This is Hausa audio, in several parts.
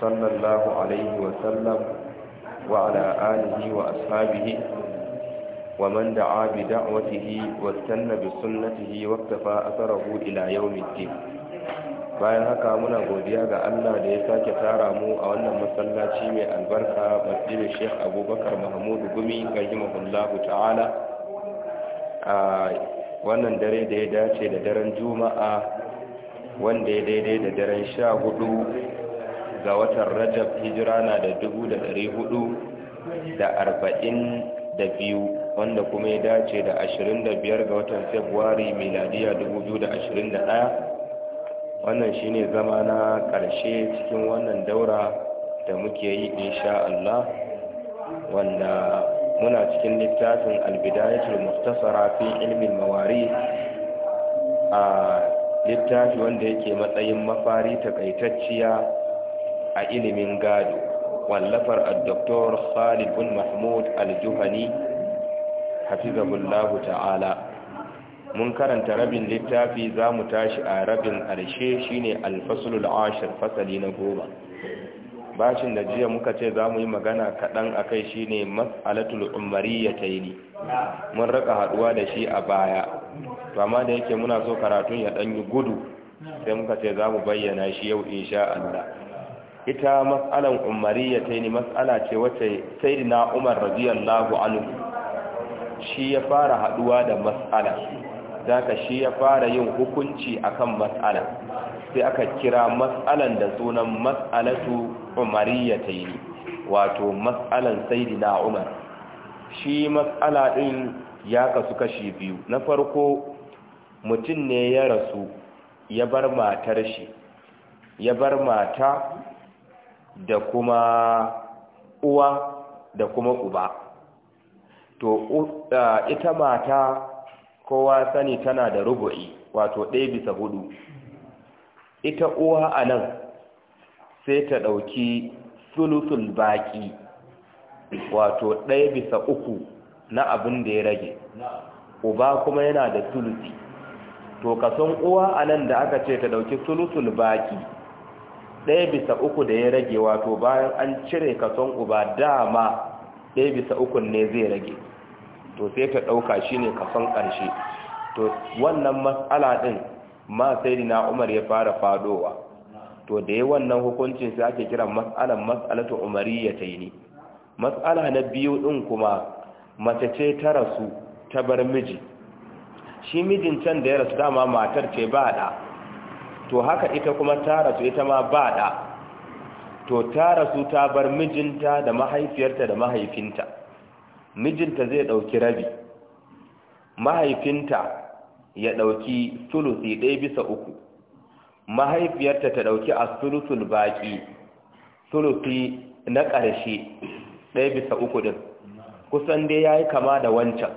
صلى الله عليه وسلم وعلى آله وأصحابه ومن دعا بدعوته واستنى بسنته واكتفى أثره إلى يوم الدين bayan haka muna godiya ga Allah da ya sake tara mu a wannan masallaci mai albarka masjidin Sheikh Abubakar Mahmud Gumi rahimahullahu ta'ala a wannan dare da ya dace da daren Juma'a wanda ya daidai da daren sha hudu ga watan rajab hijira na da dubu da ɗari hudu da arba'in da biyu wanda kuma ya dace da ashirin da biyar ga watan februari miladiya dubu biyu da ashirin da ɗaya wannan shine zama na ƙarshe cikin wannan daura da muke yi insha Allah wanda muna cikin littafin albidayatul muftasara fi ilmin mawari a littafi wanda yake matsayin mafari takaitacciya a ilimin gado wallafar a doktor khalid bin mahmud al-juhani hafizahullahu ta'ala mun karanta rabin littafi za mu tashi a rabin ƙarshe shine alfasulul ashir fasali na goma bashin da jiya muka ce za mu yi magana kaɗan a kai shi ne matsalatul umariya ta yi mun raka haɗuwa da shi a baya to amma da yake muna so karatun ya ɗanyi gudu sai muka ce za mu bayyana shi yau insha Allah ita mas'alan umariya ta ne mas'ala ce wacce sayyidina umar radiyallahu anhu shi ya fara haduwa da mas'ala zaka shi ya fara yin hukunci akan mas'ala sai aka kira mas'alan da sunan mas'alatu umariya ta ne wato mas'alan sayyidina umar shi mas'ala din ya kasu kashi biyu na farko mutum ne ya rasu ya bar matar shi ya bar mata da kuma uwa da kuma uba to ita mata kowa sani tana da rubu'i wato ɗaya bisa hudu ita uwa a nan sai ta ɗauki sulusul baki, wato ɗaya bisa uku na abin da ya rage uba kuma yana da sulusi to kason uwa a nan da aka ce ta ɗauki sulusul baki. ɗaya bisa uku da ya rage wato bayan an cire kason uba dama ɗaya bisa ukun ne zai rage to sai ta ɗauka shi ne kason ƙarshe to wannan matsala ɗin ma sai dina umar ya fara faɗowa. to da ya wannan hukuncin sai ake kira matsalan matsalatu ya ta yi ne matsala na biyu ɗin kuma mace ce ta rasu ta bar miji shi mijin can da ya rasu dama matar ce ba da to haka ita kuma ta rasu ita ma ba da to ta rasu ta bar mijinta da mahaifiyarta da mahaifinta mijinta zai ɗauki rabi mahaifinta ya ɗauki sulusi ɗaya bisa uku mahaifiyarta ta ɗauki a sulusul baƙi sulusi na ƙarshe ɗaya bisa uku ɗin kusan dai ya yi kama da wancan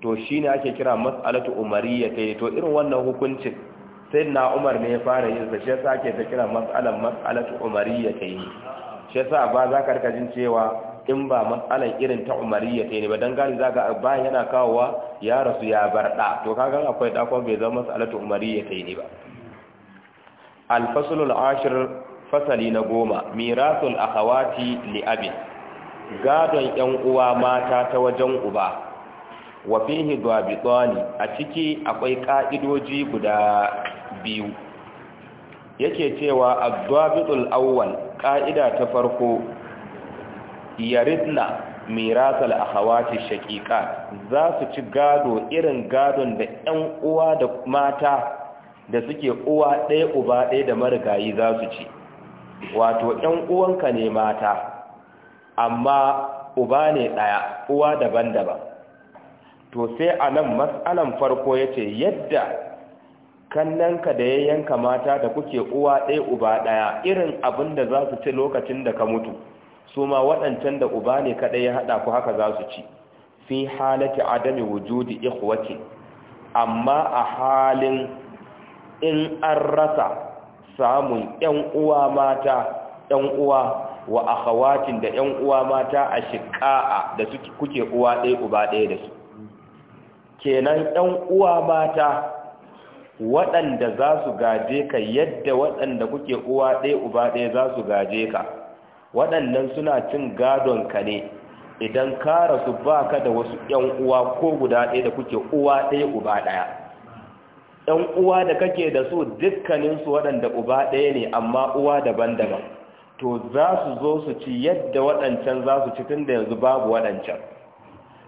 to shi ne ake kira matsalatu umariya ta yi to irin wannan hukuncin sai na umar ne ya fara yin sa shi ta kira matsalan matsalatu umariyya ta yi shi sa ba za ka rika jin cewa in ba matsalan irin ta umariyya ta yi ba don gani za ka ba yana kawowa ya rasu ya bar da to kagan akwai ɗakon bai zama matsalatu umariyya ta yi ba alfasulul ashirin ashir fasali na goma mirasul akhawati li abi gadon yan uwa mata ta wajen uba wa fihi dhabitani a ciki akwai ka'idoji guda biyu yake cewa ad awwal ka'ida ta farko yaridna mirasal akhawati shaqiqat za su ci gado irin gadon da 'yan uwa da mata da suke uwa ɗaya uba ɗaya da marigayi za su ci wato 'yan uwanka ne mata amma uba ne ɗaya uwa daban-daban to sai a nan matsalan farko ya ce yadda kannanka da ya yanka mata da kuke uwa ɗaya uba ɗaya irin abin da za su ci lokacin da ka mutu su ma waɗancan da uba ne kaɗai ya haɗa ku haka za su ci fi halatti adami wujudi ce amma a halin in an rasa samun ‘yan uwa mata ‘yan uwa wa akhawatin da ‘yan uwa mata a shiƙa'a da kuke uwa ɗaya uba ɗaya da su kenan ɗan uwa mata waɗanda za su gaje ka yadda waɗanda kuke uwa ɗaya uba ɗaya za su gaje ka waɗannan suna cin gadon ka ne idan ka rasu ba ka da wasu ‘yan uwa ko guda ɗaya da kuke uwa ɗaya uba ɗaya ‘yan uwa da kake da su dukkaninsu waɗanda uba ɗaya ne amma uwa daban-daban to za su zo su ci yadda waɗancan za su ci tun da yanzu babu waɗancan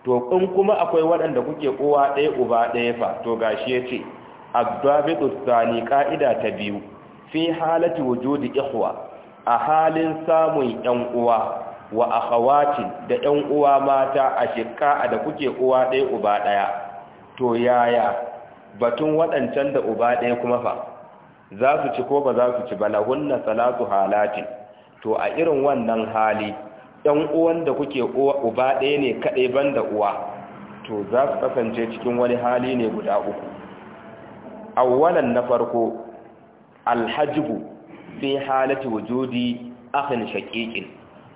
to in kuma akwai waɗanda kuke uwa ɗaya uba ɗaya fa to gashi ya ce abdabitu ƙa'ida ta biyu fi halati wujudi ikhwa a halin samun ƴan uwa wa akhawati da ƴan uwa mata a shikka da kuke uwa ɗaya uba ɗaya to yaya batun waɗancan da uba ɗaya kuma fa za su ci ko ba za su ci ba lahunna salatu halatin to a irin wannan hali ɗan uwan da kuke uba ɗaya ne kaɗai ban da uwa to za su kasance cikin wani hali ne guda uku awwalan na farko alhajibu fi halati wujudi akhin shaqiqin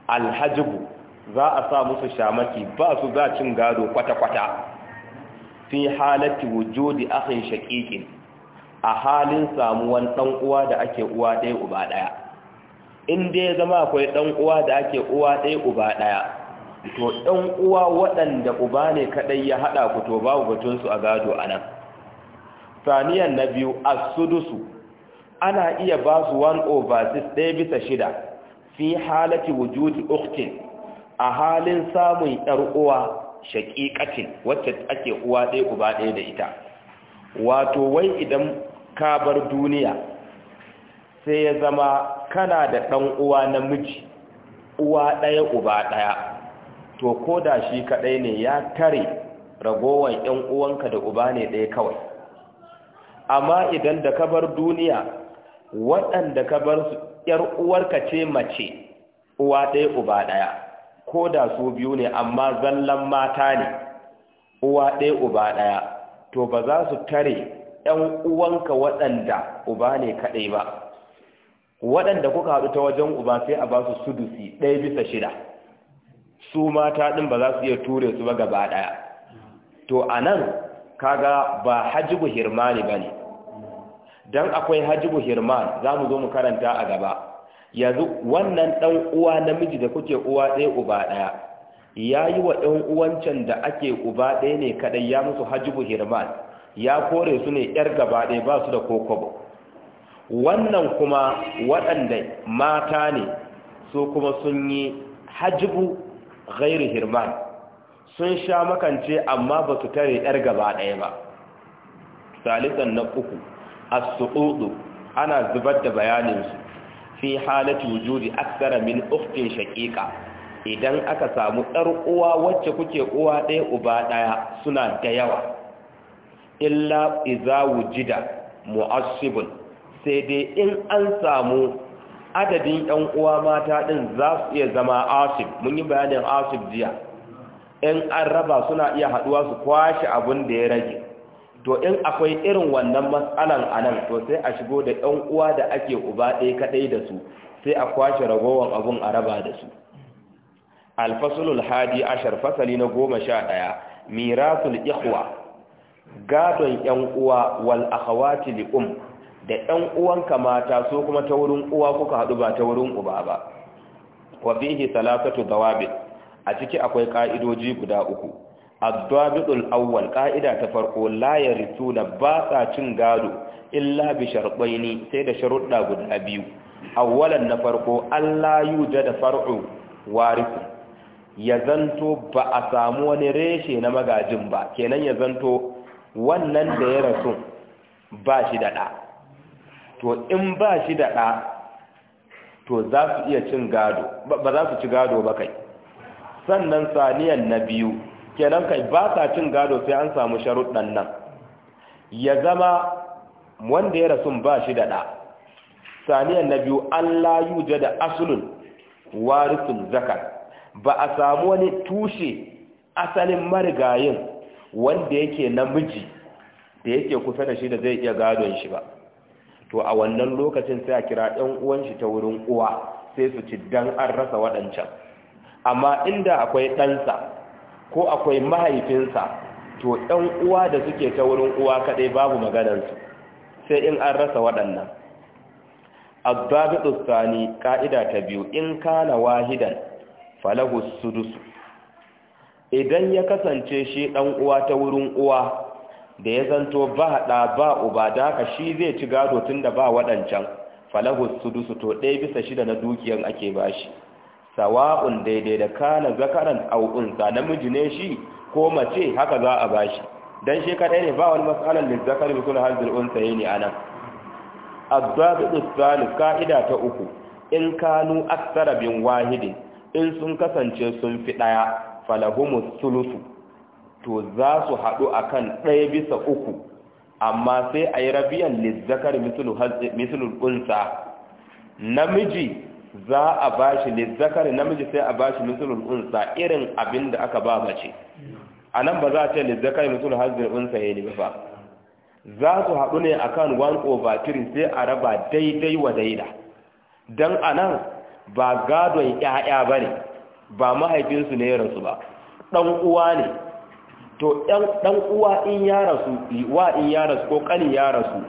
alhajibu za a sa musu shamaki ba su za cin gado kwata-kwata fi halati wujudi akhin shaqiqin a halin samuwan ɗan uwa da ake uwa ɗaya uba ɗaya in dai ya zama akwai ɗan uwa da ake uwa ɗaya uba ɗaya to ɗan uwa waɗanda uba ne kaɗai ya haɗa ku to babu batunsu a gado a nan saniyan na biyu a sudusu ana iya ba su 1 over 6 ɗaya bisa shida fi halaki wujudi uktin a halin samun 'yar uwa shaƙiƙacin wacce ake uwa ɗaya uba ɗaya da ita wato wai idan ka bar duniya sai ya zama kana da ɗan uwa namiji uwa ɗaya uba ɗaya to ko da shi kaɗai ne ya tare ragowar 'yan uwanka da uba ne ɗaya kawai amma idan da ka bar duniya waɗanda ka bar su ‘yar uwarka ce mace uwa ɗaya uba ɗaya ko da su biyu ne amma zallan mata ne uwa ɗaya uba ɗaya to ba za su tare ‘yan uwanka waɗanda uba ne kaɗai ba waɗanda kuka haɗu ta wajen uba sai a ba su sudusi ɗaya bisa shida su mata ɗin ba za su iya ture su ba gaba ɗaya to a nan kaga ba hajjibu hirmani ba ne don akwai hajjibu hirman za mu zo mu karanta a gaba yanzu wannan ɗan uwa namiji da kuke uwa ɗaya uba ɗaya ya yi wa ɗan uwancan da ake uba ɗaya ne kaɗai ya musu Hajji hirman ya kore su ne ‘yar gaba ɗaya ba su da kokobo wannan kuma waɗanda mata ne su kuma sun yi hajjibu ghairi hirman sun sha makance amma ba su tare ɗar gaba ɗaya ba salisan na uku a su'udu, ana zubar da bayaninsu fi halatu wujudi aksara min uftin shaƙiƙa idan aka samu ɗar uwa wacce kuke uwa ɗaya uba ɗaya suna da yawa illa iza wujida mu'assibun sai dai in an samu adadin yan uwa mata ɗin za su iya zama asib mun yi bayanin asib jiya in an raba suna iya haduwa su kwashe abin da ya rage to in akwai irin wannan matsalan a nan to sai a shigo da yan uwa da ake uba ɗaya kaɗai da su sai a kwashe ragowar abin a raba da su alfasulul hadi ashar fasali na goma sha ɗaya mirasul ikhwa gadon yan uwa wal akhawati li um da ɗan uwanka mata so kuma ta wurin uwa kuka haɗu ba ta wurin uba ba wa fihi salasatu dawabit a ciki akwai ka'idoji guda uku ad awwal ka'ida ta farko la yarithuna ba sa cin gado illa bi sharbaini sai da sharuɗa guda biyu awwalan na farko Allah yuja da far'u wariku ya zanto ba a samu wani reshe na magajin ba kenan ya zanto wannan da ya rasu ba shi da ɗa to in ba shi da ɗa to za su iya cin gado ba za su ci gado ba kai sannan saniyan na biyu kenan kai ba sa cin gado sai an samu sharuɗan nan ya zama wanda ya rasu ba shi da ɗa saniyan na biyu an layu da asulun warisun zakar ba a samu wani tushe asalin marigayin wanda yake namiji da yake kusa da shi da zai iya gadon shi ba to a wannan lokacin sai a kira ɗan uwan shi ta wurin uwa sai su ci dan an rasa waɗancan amma inda akwai ɗansa ko akwai mahaifinsa to ɗan uwa da suke ta wurin uwa kaɗai babu maganarsu, sai in an rasa waɗannan abdabi sani ƙa'ida ta biyu in kana wahidan falahu sudusu idan ya kasance shi ɗan uwa ta wurin uwa da ya zanto ba haɗa ba uba da haka shi zai ci gado tun da ba waɗancan falahu su to ɗaya bisa shida na dukiyan ake bashi sawa'un daidai da kana zakaran au'unsa namiji ne shi ko mace haka za a bashi Don shi kaɗai ne ba wani matsalar da zakar bi kullu hazil unsa ne anan abdu'adu salis ka'ida ta uku in kanu aksarabin bin wahidin in sun kasance sun fi ɗaya falahumus sulusu to za su haɗu a kan ɗaya bisa uku amma sai a yi rabiyan lizzakar misulun ƙunsa namiji za a ba shi lizzakar namiji sai a ba shi ƙunsa irin abin da aka ba mace a nan ba za a ce lizzakar misulun hazin ƙunsa ya yi ba za su haɗu ne a kan one over three sai a raba daidai wa daida don a nan ba gadon 'ya'ya ba ne ba mahaifinsu ne ya rasu ba ɗan uwa ne to ɗan uwa in ya rasu wa in ya rasu ko ƙani ya rasu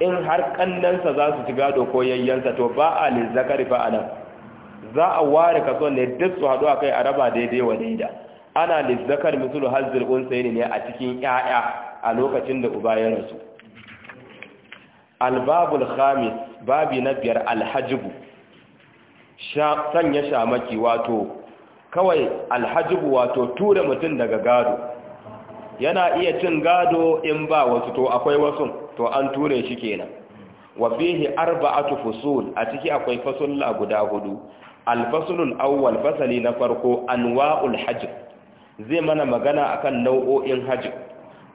in har ƙannansa za su ci gado ko yayyansa to ba a lizzakari ba a nan za a ware kaso ne duk su haɗu a kai a raba daidai wa daida ana zakar misulu hazzul unsa ne a cikin ƴaƴa a lokacin da uba ya rasu albabul khamis babi na biyar alhajibu sanya shamaki wato kawai alhajibu wato tura mutum daga gado yana iya cin gado in ba wasu to akwai wasu to an ture shi kenan wa arba'atu fusul a ciki akwai fasulla guda hudu alfasulul awwal fasali na farko anwa'ul hajj zai mana magana akan nau'o'in hajj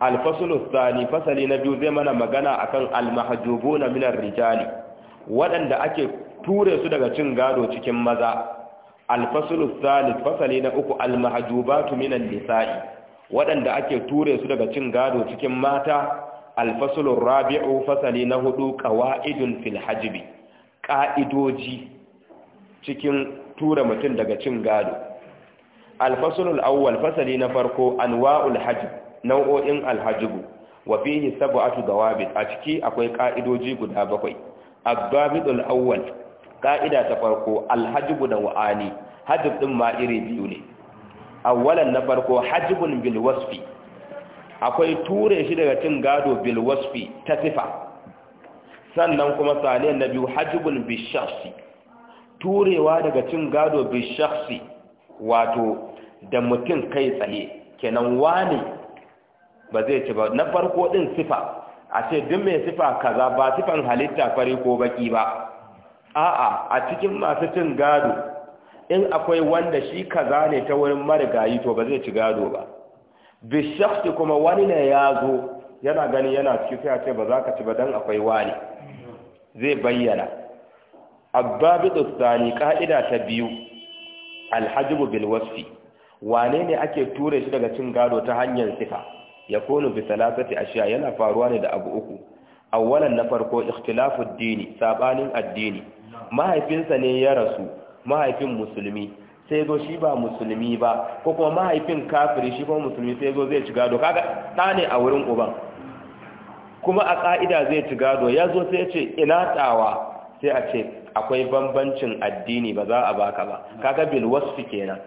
Alfasulus thani fasali na biyu zai mana magana akan almahjubuna minar rijali waɗanda ake ture su daga cin gado cikin maza Alfasulus thalith fasali na uku almahjubatu minan nisa'i waɗanda ake ture su daga cin gado cikin mata alfasulun rabi'u fasali na hudu ƙawa'idun filhajibi ƙa'idoji cikin tura mutum daga cin gado alfasulun awwal fasali na farko anwa'ul hajib nau'o'in alhajibu wa fihi sab'atu dawabit a ciki akwai ƙa'idoji guda bakwai abdabidul awwal ƙa'ida ta farko alhajibu da wa'ani hajib ɗin ma iri biyu ne awwalan na farko hajibun bil wasfi akwai ture shi daga cin gado bil wasfi ta sifa sannan kuma saniyan na biyu hajibun bil turewa daga cin gado bil wato da mutum kai tsaye kenan wani ba zai ci ba na farko din sifa a ce duk mai sifa kaza ba sifan halitta fari ko baki ba a a cikin masu cin gado in akwai wanda shi kaza ne ta wurin marigayi to ba zai ci gado ba bishafti kuma wani ne ya zo yana gani yana ciki sai ce ba za ka ci ba don akwai wani zai bayyana abbabidu tsani ka'ida ta biyu alhajibu bilwasfi Wanene wane ne ake ture shi daga cin gado ta hanyar sifa ya kunu bi salasati ashiya yana faruwa ne da abu uku awwalan na farko ikhtilafu dini sabanin addini mahaifinsa ne ya rasu mahaifin musulmi sai zo shi ba musulmi ba ko kuma mahaifin kafiri shi ba musulmi sai zo zai ci gado kaga ta ne a wurin uban kuma a ƙa'ida zai ci gado ya zo sai ce ina tsawa sai a ce akwai bambancin addini ba za a baka ba kaga bil wasfi kenan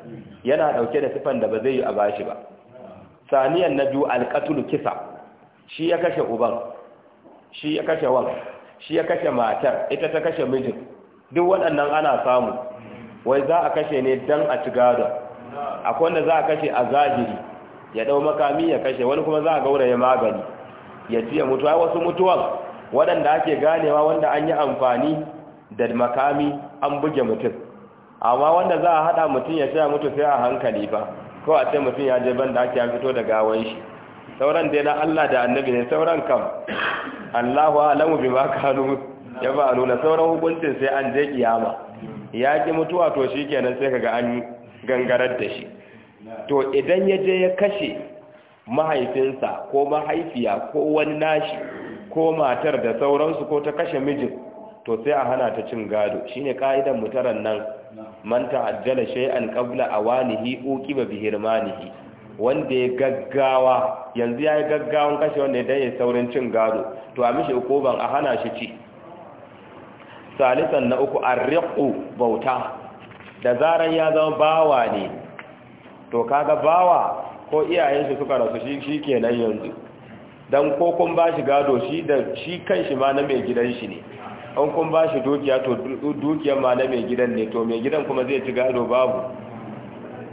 yana dauke da sifan da ba zai yi a bashi ba saniyan na biyu alƙatul kisa shi ya kashe uban shi ya kashe wan shi ya kashe matar ita ta kashe mijin duk waɗannan ana samu wai za a kashe ne dan a ci gadon akwai wanda za a kashe a zahiri ya dau makami ya kashe wani kuma za a gauraya magani ya ci ya mutu ai wasu mutuwan waɗanda ake ganewa wanda an yi amfani da makami an buge mutum amma wanda za a haɗa mutum ya ce ya mutu sai a hankali ba ko a ce mutum ya je banda ake ya fito da gawan shi sauran dai na Allah da annabi ne sauran kam Allahu alamu bima kanu ya ba nuna sauran hukuncin sai an je kiyama ya ki mutuwa to shi kenan sai kaga an gangarar da shi to idan ya je ya kashe mahaifinsa ko mahaifiya ko wani nashi ko matar da sauransu ko ta kashe mijin to sai a hana ta cin gado shine ka'idan mutaran nan man ta'ajjala shay'an qabla awanihi uqiba bihirmanihi wanda ya gaggawa yanzu yayi gaggawan kashe wanda ya dai saurin cin gado to a mishi ukuban a hana shi ci salisan na uku arriqu bauta da zarar ya zama bawa ne to kaga bawa ko iyayensu suka rasu shi kenan yanzu don ko kun ba shi gado shi da shi kanshi ma na mai gidan shi ne an kun ba shi dukiya to dukiyar ma na mai gidan ne to mai gidan kuma zai ci gado babu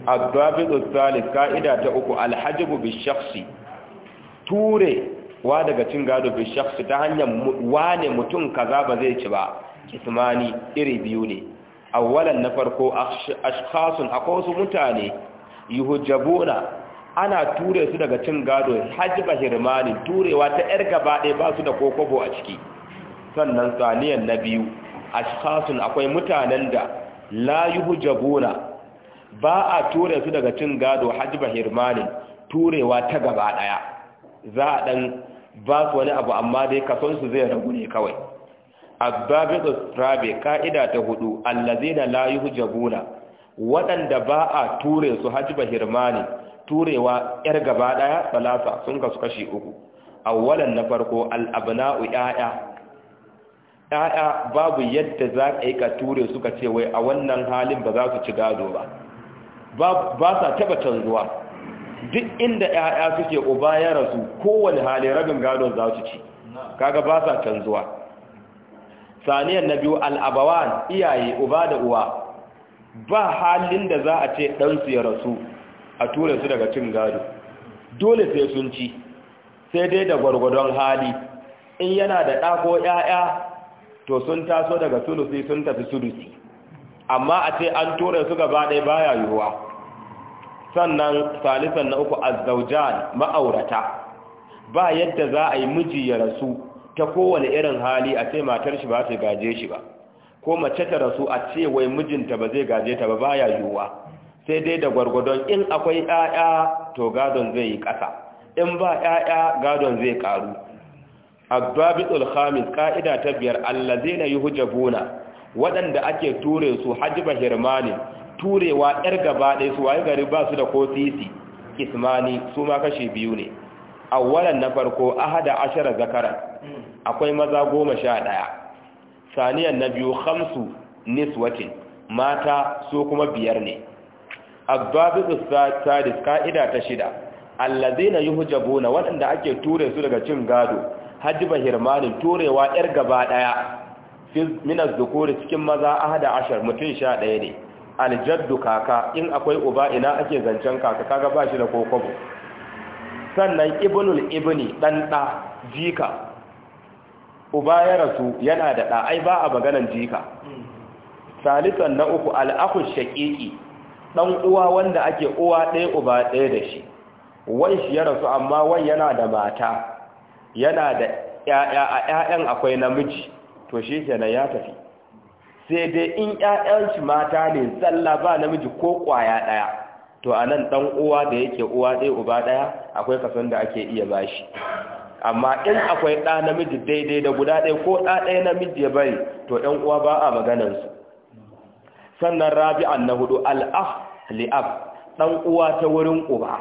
abdabi tsalis ka'ida ta uku alhajibu bi ture wa daga cin gado bi ta hanyar wane mutum kaza ba zai ci ba kismani iri biyu ne awwalan na farko ashkhasun akwai wasu mutane yuhujabuna ana ture su daga cin gado hajba hirmani turewa ta yar gaba ɗaya ba su da kokobo a ciki sannan saniyan na biyu ashkhasun akwai mutanen da la yuhujabuna ba a ture su daga cin gado hajba hirmani turewa ta gaba ɗaya za a dan ba su wani abu amma dai kasonsu zai ragu ne kawai abbabitu rabi ka'ida ta hudu allazina la yuhjabuna wadanda ba a ture su hajba hirmani turewa yar gaba daya salasa sun kasu kashi uku awwalan na farko al-abna'u ya'ya ‘ya'ya babu yadda za ka yi ka ture suka ce wai a wannan halin ba za su ci gado ba ba sa taba canzuwa duk inda ‘ya'ya suke uba ya rasu kowane halin rabin gado za su ci kaga ba sa canzuwa saniyar na biyu al'abawan iyaye uba da uwa ba halin da za a ce ɗansu ya rasu a tura su daga cin gado dole sai sun ci sai dai da gwargwadon hali in yana da ɗako ‘ya'ya to sun taso daga sulusi sun tafi sulusi amma a ce an tura su gaba ɗaya baya yiwuwa sannan salisan na uku azzaujan ma'aurata ba yadda za a yi miji ya rasu ta kowane irin hali a ce matar shi ba ta gaje shi ba ko mace ta rasu a ce wai mijinta ba zai gaje ta ba baya yiwuwa sai dai da gwargwadon in akwai 'ya'ya to gadon zai yi ƙasa in ba 'ya'ya gadon zai ƙaru abbabitul khamis ka'ida ta biyar Allah zai allazina yuhjabuna waɗanda ake ture su hajba hirmani turewa ƴar gaba ɗaya su waye gari ba su da ko sisi ismani su ma kashi biyu ne awwalan na farko ahada ashara zakara akwai maza goma sha ɗaya saniyan na biyu hamsu niswatin mata su kuma biyar ne abbabisu sadis ka'ida ta shida allazina yuhjabuna waɗanda ake ture su daga cin gado Hajiba hirmanin turewa yar gaba ɗaya minas dukuri cikin maza ahada ashar mutum sha ɗaya ne aljaddu kaka in akwai uba ina ake zancen kaka kaga ba shi da kokobo sannan ibnul ibni dan da jika uba ya rasu yana da da ai ba a maganan jika salisan na uku al'akhu shaqiqi dan uwa wanda ake uwa ɗaya uba ɗaya da shi wai shi ya rasu amma wai yana da mata yana da ƴaƴa a ƴaƴan akwai namiji to shi kenan ya tafi sai dai in ƴaƴan shi mata ne sallah ba namiji ko ƙwaya ɗaya to a nan ɗan uwa da yake uwa ɗaya uba ɗaya akwai kasan da ake iya ba shi amma in akwai ɗa namiji daidai da guda ɗaya ko ɗa ɗaya namiji ya bari to ɗan uwa ba a maganansu sannan rabi'an na hudu al'af li'af ɗan uwa ta wurin uba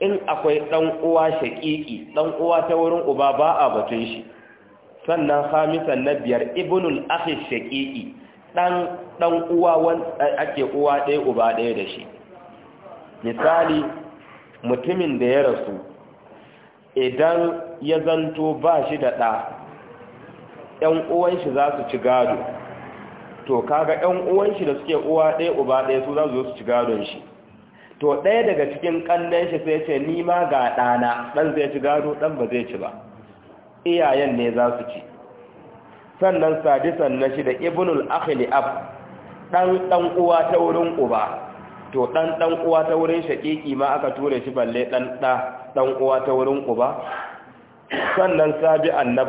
in akwai ɗan uwa shaƙiƙi ɗan uwa ta wurin uba ba a batun shi sannan hamisan na biyar ibnul akhi shaƙiƙi ɗan uwa ake uwa ɗaya uba ɗaya da shi misali mutumin da ya rasu idan ya zanto ba shi da ɗa ‘yan uwanshi za su ci gado to kaga ‘yan shi da suke uwa ɗaya uba ɗaya su za su zo su ci gadon shi to ɗaya daga cikin ƙannen shi sai ce ni ma ga ɗana ɗan zai ci gado ɗan ba zai ci ba iyayen ne za su ci sannan sadisan na shi da ibnul akhli ab ɗan ɗan uwa ta wurin uba to ɗan ɗan uwa ta wurin shaƙiƙi ma aka tura shi balle ɗan ɗan uwa ta wurin uba sannan sabi na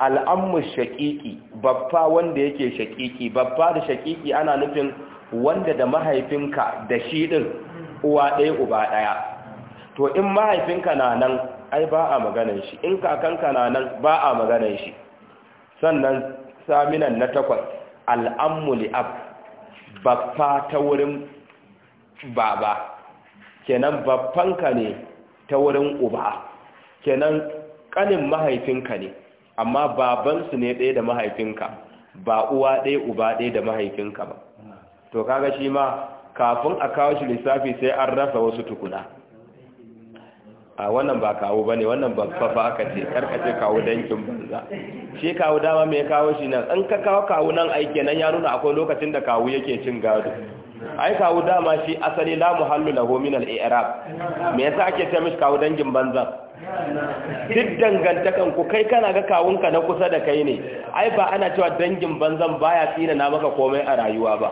al'ammu shaƙiƙi babba wanda yake shaƙiƙi babba da shaƙiƙi ana nufin wanda da mahaifinka da shi ɗin uwa ɗaya uba ɗaya to in mahaifinka na nan ai ba a maganan shi in kakanka na nan ba a maganan shi sannan saminan na takwas al'ammu li'ab babba ta wurin baba kenan babbanka ne ta wurin uba kenan kanin mahaifinka ne amma babansu ne ɗaya da mahaifinka ba uwa ɗaya uba ɗaya da mahaifinka ba to kaga shi ma kafin a kawo shi lissafi sai an rasa wasu tukuna a wannan ba kawo ba ne wannan babba ba aka ce karkace kawo dankin banza shi kawo dama mai kawo shi nan an ka kawo kawo nan aiki nan ya nuna akwai lokacin da kawo yake cin gado ai kawo dama shi asali la muhallu lahu min al-i'rab me yasa ake ce mishi kawo dangin banza duk dangantakan ku kai kana ga kawunka na kusa da kai ne ai ba ana cewa dangin banzan baya tsina na maka komai a rayuwa ba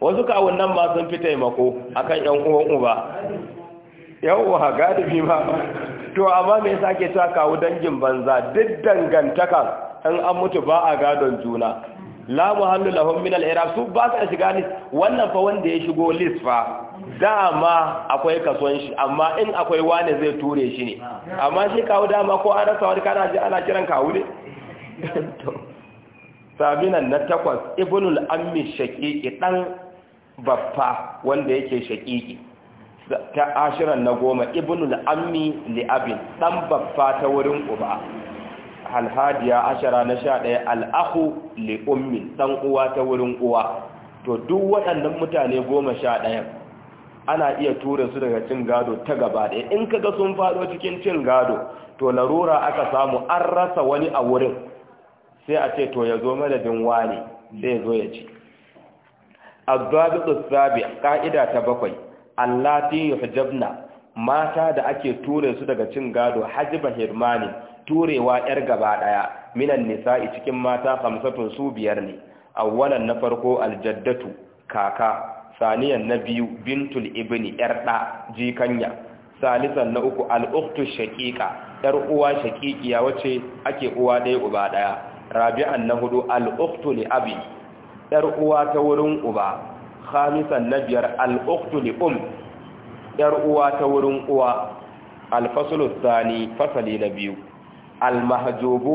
wasu kawun nan ma sun fi taimako akan yan uwan uba yawwa galibi ma to amma me yasa ake cewa kawo dangin banza duk dangantakan in an mutu ba a gadon juna la muhallu lahum min al-iraq su ba shiga ne wannan fa wanda ya shigo list fa dama akwai kason shi amma in akwai wani zai ture shi ne amma shi kawo dama ko an rasa wani kana ji ana kiran kawo ne sabinan na takwas ibnul ammi shaqiqi dan baffa wanda yake shaqiqi ta ashiran na goma ibnul ammi li abin dan baffa ta wurin uba alhadiya ashara na sha ɗaya al'ahu li ɗan uwa ta wurin uwa to duk waɗannan mutane goma sha ɗaya ana iya tura su daga cin gado ta gaba ɗaya in kaga sun faɗo cikin cin gado to larura aka samu an rasa wani a wurin sai a ce to ya zo madadin wani zai zo ya ci azzabi tsabi ƙa'ida ta bakwai allati yuhjabna mata da ake ture su daga cin gado hajiba hirmani turewa yar gaba ɗaya. minan nisa'i cikin mata hamsatun su biyar ne wannan na farko aljaddatu kaka saniyan na biyu bintul ibini yar da jikanya salisan na uku al-ukhtu yar uwa shaqiqiya wace ake uwa ɗaya uba ɗaya. rabi'an na hudu al-ukhtu abi yar uwa ta wurin uba khamisan na biyar al-ukhtu um yar uwa ta wurin uwa alfasulu tsani fasali na biyu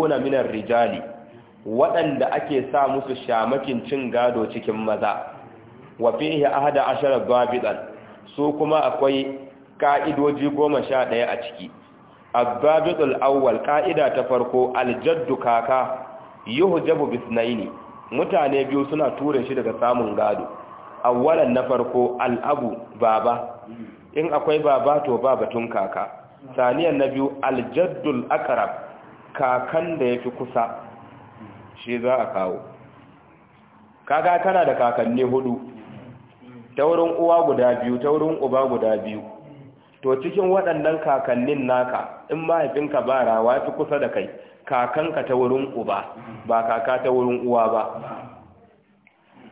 na minar rijali waɗanda ake sa musu shamakin cin gado cikin maza wa a ahada ashara babidan su kuma akwai ka'idoji goma sha ɗaya a ciki babidul awwal ka'ida ta farko aljaddu kaka yuhjabu bisnaini mutane biyu suna ture shi daga samun gado awwalan na farko al'abu baba in akwai baba to ba batun kaka saniyan na biyu aljaddul akarab kakan da ya fi kusa shi za a kawo kaga tana da kakanni hudu ta wurin uwa guda biyu ta wurin uba guda biyu to cikin waɗannan kakannin naka in mahaifinka ba rawa fi kusa da kai kakanka ta wurin uba ba kaka ta wurin uwa ba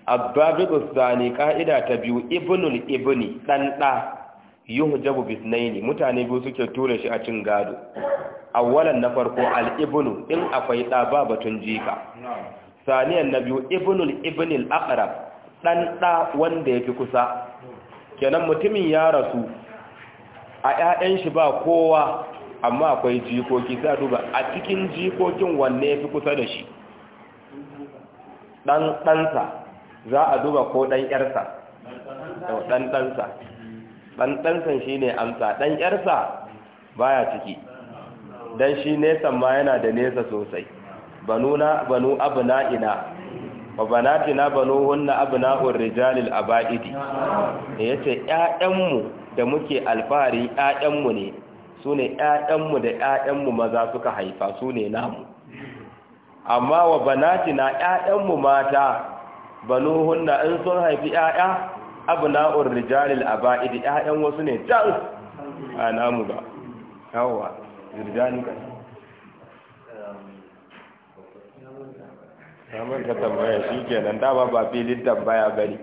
Abba abbabikus zani ka'ida ta biyu ibnul ibni ɗan ɗa yuhjabu bisnaini mutane biyu suke tura shi a cin gado awwalan na farko al-ibnu in akwai da ba batun jika saniyan na biyu ibnul ibnil aqrab dan da wanda yafi kusa kenan mutumin ya rasu a ƴaƴan shi ba kowa amma akwai jikoki sai duba a cikin jikokin wanne yafi kusa da shi dan ɗansa za a duba ko dan ƴarsa dan ɗansa ɗan ɗansan shi ne amsa ɗan ƴarsa ba ya ciki dan shi nesan ma yana da nesa sosai banuna banu ina. wa banatina abu abna'ur rijalil aba'idi yace yayanmu da muke alfahari 'ya'yanmu ne su ne 'ya'yanmu da 'ya'yanmu maza suka haifa su ne namu amma wa banatina 'ya'yanmu mata hunna in sun haifi 'ya'ya? abna'ur rijalil aba'id ‘ya’yan wasu ne can a namu ba yawa rijalin ka samun ka tambaya shi dama ba filin tambaya ba ne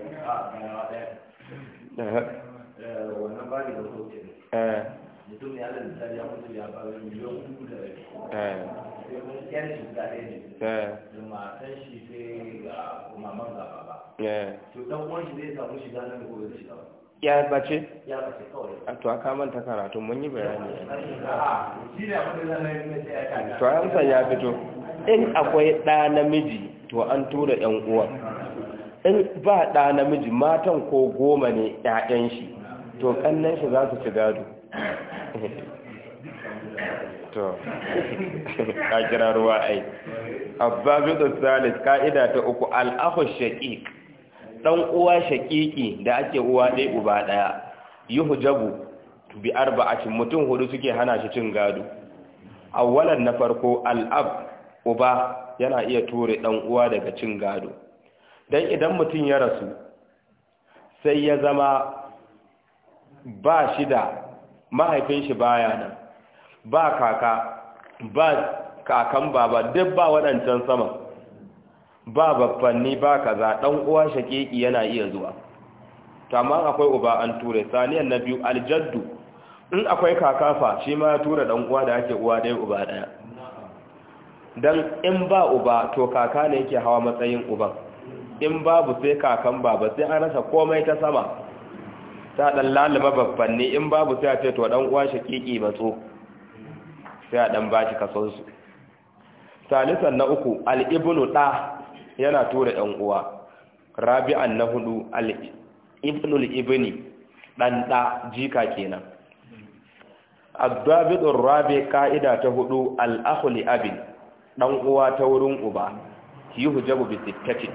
wannan ba ne da ya ya ba ga maman ga baba to dan uwan shi zai samu shiga nan ko ya bace ya ah, bace kawai to aka manta karatu mun yi bayani shi ne abin ya fito in akwai ɗa namiji to an tura ƴan uwan in ba ɗa namiji matan ko goma ne ƴaƴan shi to kannan shi za su ci gado to ka kira ruwa ai salis ka'ida ta uku al'ahu shaqiq dan uwa shaqiqi da ake uwa dai uba daya yuhjabu bi arba'atin mutum hudu suke hana shi cin gado awwalan na farko al'ab uba yana iya ture dan uwa daga cin gado dan idan mutum ya rasu sai ya zama ba shi da mahaifin shi baya nan ba kaka ba kakan baba duk ba waɗancan sama ba babbanni ba kaza dan uwa shakeki yana iya zuwa tamam akwai uba an ture saniyan na biyu aljaddu in akwai kakafa shi ma ya tura dan uwa da ake uwa dai uba ɗaya dan in ba uba to kaka ne yake hawa matsayin uban in babu sai kakan baba sai an rasa komai ta sama ta dan laluma babbanni in babu sai a ce to dan uwa ba matso sai a dan bashi kasonsu salisan na uku al'ibnu ɗa yana tura ‘yan uwa rabi'an na hudu al'ibnu al'ibni ɗan ɗa jika kenan abdabidun rabi ka'ida ta hudu al'ahuli abin ɗan uwa ta wurin uba yi bi bisittacin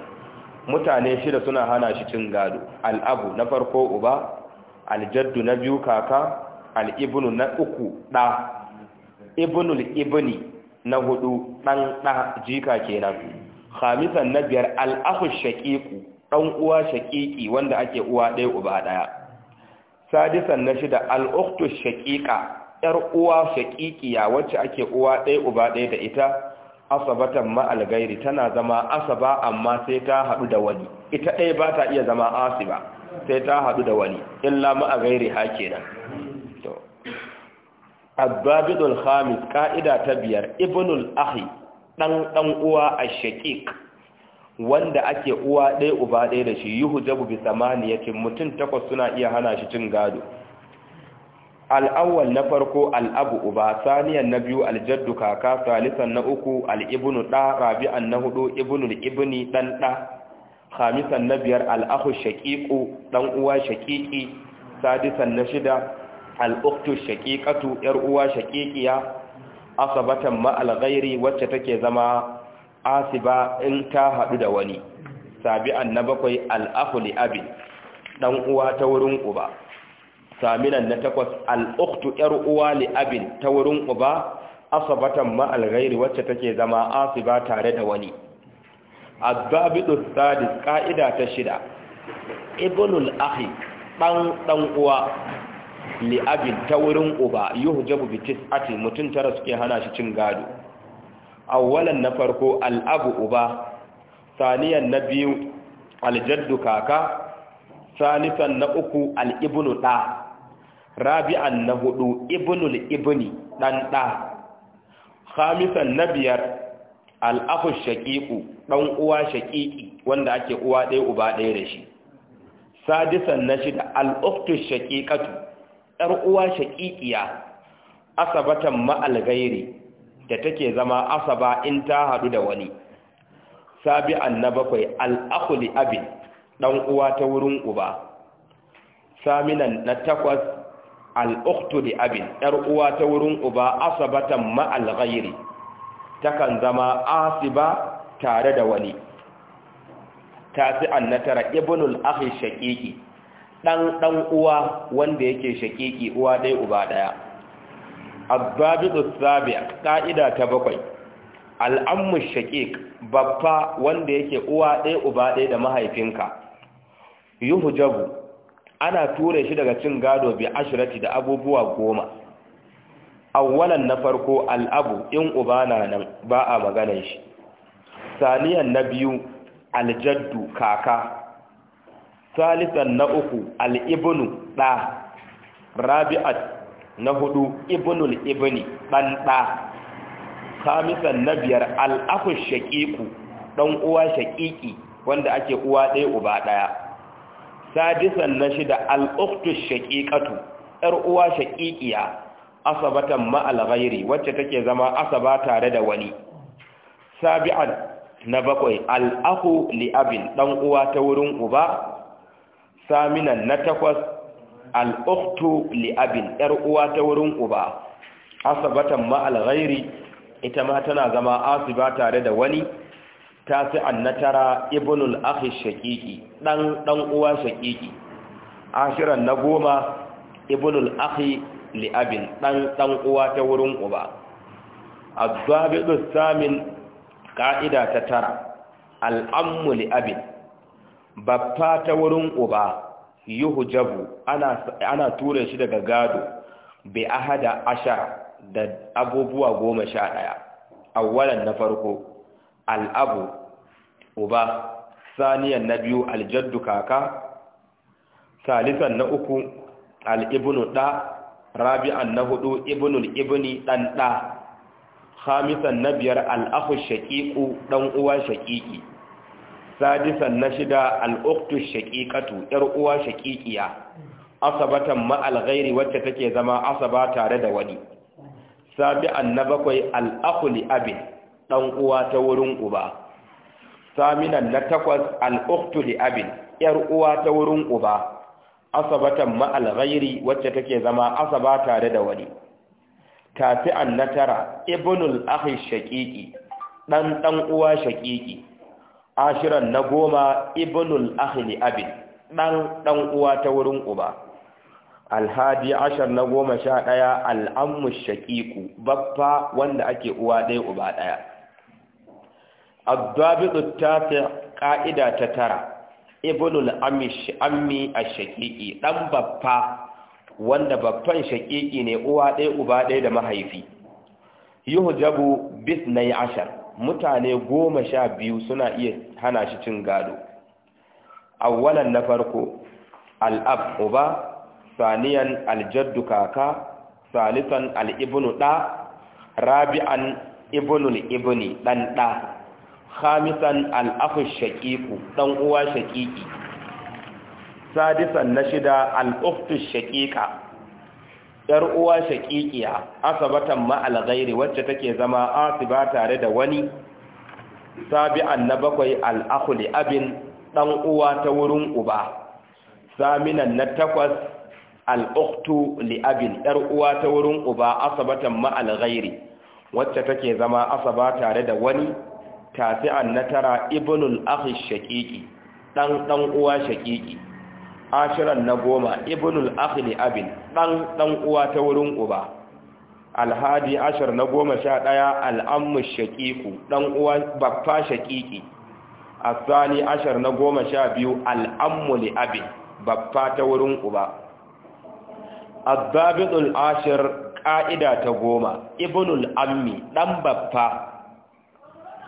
mutane shida suna hana shi cin gado al'abu na farko uba aljaddu na biyu kaka al'ibnu na uku ɗa ibnul ibni na hudu dan da jika kenan khamisan na biyar al-akhu shaqiqu dan uwa shaqiqi wanda ake uwa ɗaya uba ɗaya sadisan na shida al-ukhtu shaqiqa yar uwa shaqiqiya wacce ake uwa ɗaya uba ɗaya da ita asabatan ma'al ghairi tana zama asaba amma sai ta hadu da wani ita ɗaya ba ta iya zama asiba sai ta hadu da wani illa ma'a ghairi ha kenan abbabidul khamis ka'ida ta biyar ibnul ahi dan dan uwa ashaqiq wanda ake uwa ɗaya uba ɗaya da shi yuhjabu bi samaniyatin mutum takwas suna iya hana shi cin gado al'awwal na farko al'abu uba saniyan na biyu aljaddu kaka salisan na uku al'ibnu ɗa rabi'an na hudu ibnul ibni ɗan ɗa khamisan na biyar al'ahu shaƙiƙu ɗan uwa shaƙiƙi sadisan na shida al'uktu shaƙiƙatu ‘yar uwa shaƙiƙiya asabatan ma'al gairi wacce take zama asiba in ta haɗu da wani an na bakwai al'ahuli abin ɗan uwa ta wurin uba saminan na takwas al'uktu ‘yar uwa li abin ta wurin uba asabatan ma'al gairi wacce take zama asiba tare da wani azabidu sadis ƙa'ida ta shida ibnul ahi ɗan ɗan uwa li'abin ta wurin uba Jabu Bitis ati, mutum tara suke hana shi cin gado awwalan na farko al'abu uba saniyan na biyu aljaddu kaka sanisan na uku al'ibnu ɗa, rabi'an na hudu ibnul ibni ɗan ɗa. khamisan na biyar al'afu shaƙiƙu ɗan uwa shaƙiƙi wanda ake uwa ɗaya uba ɗaya da shi sadisan na shida aluftu shaƙiƙatu ‘yar uwa shaƙiƙiya asabatan ma'algairi da take zama asaba in ta haɗu da wani sabi'an na bakwai al'akuli abin ɗan uwa ta wurin uba saminan na takwas al'uktu abin ‘yar uwa ta wurin uba asabatan ma'algairi takan zama asiba tare da wani tasi'an na tara ibnul ahi shaƙiƙi ɗan ɗan uwa wanda yake shaƙiƙi uwa ɗai uba ɗaya abbabitu sabiya ƙa'ida ta bakwai al'ammu shakik babba wanda yake uwa ɗai uba ɗai da mahaifinka Yuhu ana ture shi daga cin gado bi ashirati da abubuwa goma awwalan na farko al'abu in uba na nan ba a maganan shi saniyan na biyu aljaddu kaka salisan na uku al'ibinu ɗa rabi'at na hudu ibinul ibini ɗan ɗa khamisan na biyar al'afus shaƙiƙu ɗan uwa shaƙiƙi wanda ake uwa ɗaya uba ɗaya sadisan na shida al'uktus shaƙiƙatu ‘yar uwa shaƙiƙiya asabatan ma'al ghairi wacce take zama asaba tare da wani sabi'an na bakwai al'ahu li'abin ɗan uwa ta wurin uba saminan na takwas al'uktu li'abin uwa ta wurin uba asabatan ma'al ghairi ita ma tana zama asiba tare da wani tasi'an na tara ibnul akhi shaqiqi dan dan uwa shaqiqi ashiran na goma ibnul akhi li'abin dan dan uwa ta wurin uba azabidu samin ka'ida ta tara al'ammu li'abin baffa ta wurin uba yuhu ana ana tura shi daga gado bi ahada ashara da abubuwa goma sha ɗaya awalan na farko al'abu uba saniyan na biyu aljaddu kaka salisan na uku al'ibnu ɗa rabi'an na hudu ibnul ibni ɗan ɗa khamisan na biyar al'ahu shaƙiƙu ɗan uwa shaƙiƙi sadisan na shida al'uktu shaƙiƙatu ‘yar uwa shaƙiƙiya asabatan ma'al ghairi wacce take zama asaba tare da wani sabi'an na bakwai al'akuli abin ɗan uwa ta wurin uba saminan na takwas al'uktu li abin ‘yar uwa ta wurin uba asabatan ma'al ghairi wacce take zama asaba tare da wani tafi'an na tara ibnul ahi shaƙiƙi ɗan ɗan uwa shaƙiƙi ashiran na goma ibnul ahli abi dan dan uwa ta wurin uba alhadi ashar na goma sha ɗaya al'ammu shakiku baffa wanda ake uwa ɗaya uba ɗaya abdabidu ta ƙa'ida ta tara ibnul ammi a shakiki ɗan baffa wanda baffan shakiki ne uwa ɗaya uba ɗaya da mahaifi yuhjabu bisnai ashar mutane goma sha biyu suna iya hana shi cin gado awwalan na farko al'ab uba saniyan aljaddu kaka salisan al'ibnu ɗa rabi'an ibnul ibni ɗan ɗa khamisan al'afu shaƙiƙu ɗan uwa shaƙiƙi sadisan na shida al'uftu shaƙiƙa yar uwa shaqiqiya asabatan ma'al ghairi wacce take zama asiba tare da wani sabi'an na bakwai al akhli abin dan uwa ta wurin uba saminan na takwas al ukhtu li abin yar uwa ta wurin uba asabatan ma'al ghairi wacce take zama asaba tare da wani tasi'an na tara ibnul akhi shaqiqi dan dan uwa shaqiqi ashiran na goma ibnul akhli abin ɗan ɗan uwa ta wurin uba alhadi ashar na goma sha ɗaya al'ammu shaƙiƙu ɗan uwa baffa shaƙiƙi asali ashar na goma sha biyu al'ammu li'abin baffa ta wurin uba azabitul ashir ƙa'ida ta goma ibnul ammi ɗan baffa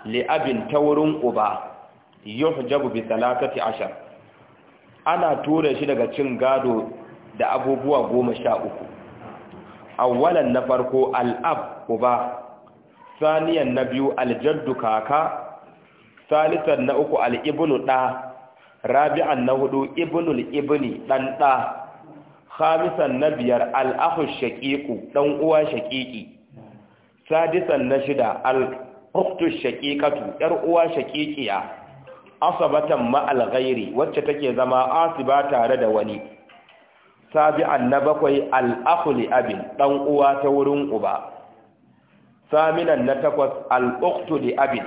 li'abin ta wurin uba yuhjabu bi talatati ashar ana tura shi daga cin gado da abubuwa goma sha uku awwalan na farko al'ab uba saniyan na biyu aljaddu kaka salisan na uku al'ibnu ɗa rabi'an na hudu ibnul ibni ɗan ɗa Hamisan na biyar al'ahu shaƙiƙu ɗan uwa shaƙiƙi sadisan na shida al'uktu shaƙiƙatu ‘yar uwa shaƙiƙiya asabatan ma'al ghairi wacce take zama asiba tare da wani sabi'an na bakwai al-akhu abin dan uwa ta wurin uba saminan na takwas al-ukhtu li abin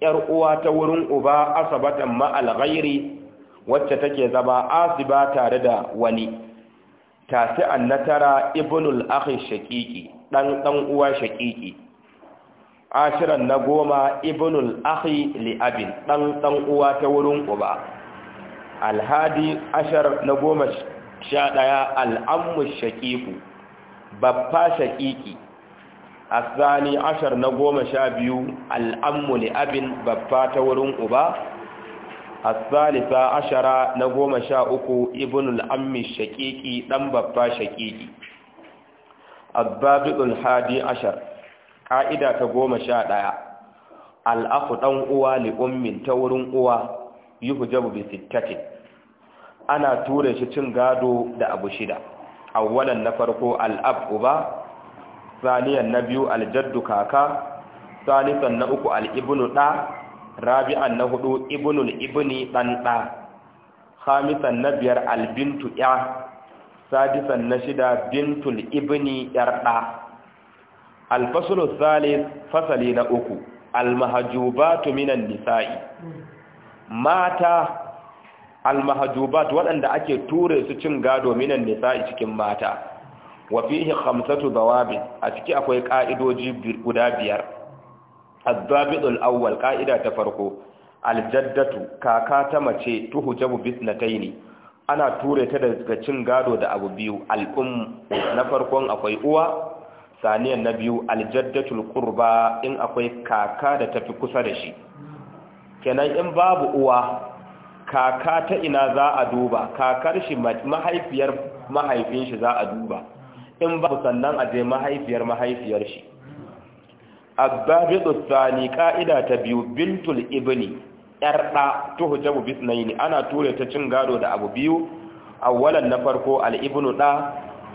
yar uwa ta wurin uba asabatan ma'al ghairi wacce take zama asiba tare da wani tasi'an na tara ibnul akhi shaqiqi dan dan uwa shaqiqi Ashirin na goma ibnul ahi li abin ɗan uwa ta wurin uba alhadi ashirin na goma sha daya al'ammu shaƙiƙu babba shaqiqi asani ashar na goma sha biyu al'ammu li abin babba ta wurin uba asalisa ashara na goma sha uku ibnul ammi ɗan baffa babba shaqiqi abbabil hadi ashar ƙa'ida ta goma sha ɗaya al'afu ɗan uwa li'ummin ta wurin uwa yi hujjabu bi ana ture shi cin gado da abu shida awwalan na farko al'ab uba saniyan na biyu aljaddu kaka salisan na uku al'ibnu ɗa rabi'an na hudu ibnul ibni ɗan ɗa khamisan na biyar albintu ya sadisan na shida bintul ibni yar ɗa alfasulu thalith fasali na uku almahajubatu minan nisa'i mata Almahajubatu waɗanda ake ture su cin gado minan nisa'i cikin mata wa fihi khamsatu dawabit a ciki akwai ka'idoji guda biyar az awwal ka'ida ta farko aljaddatu kaka ta mace tuhujabu bisnataini ana ture ta daga cin gado da abu biyu al'um na farkon akwai uwa saniyan na biyu aljaddatul qurba in akwai kaka da tafi kusa da shi kenan in babu uwa kaka ta ina za a duba kakar shi mahaifiyar mahaifin shi za a duba in babu sannan a je mahaifiyar mahaifiyar shi abbabidu tsani ka'ida ta biyu bintul ibni yar da tuhjabu bisnaini ana ture ta cin gado da abu biyu awwalan na farko al ibnu da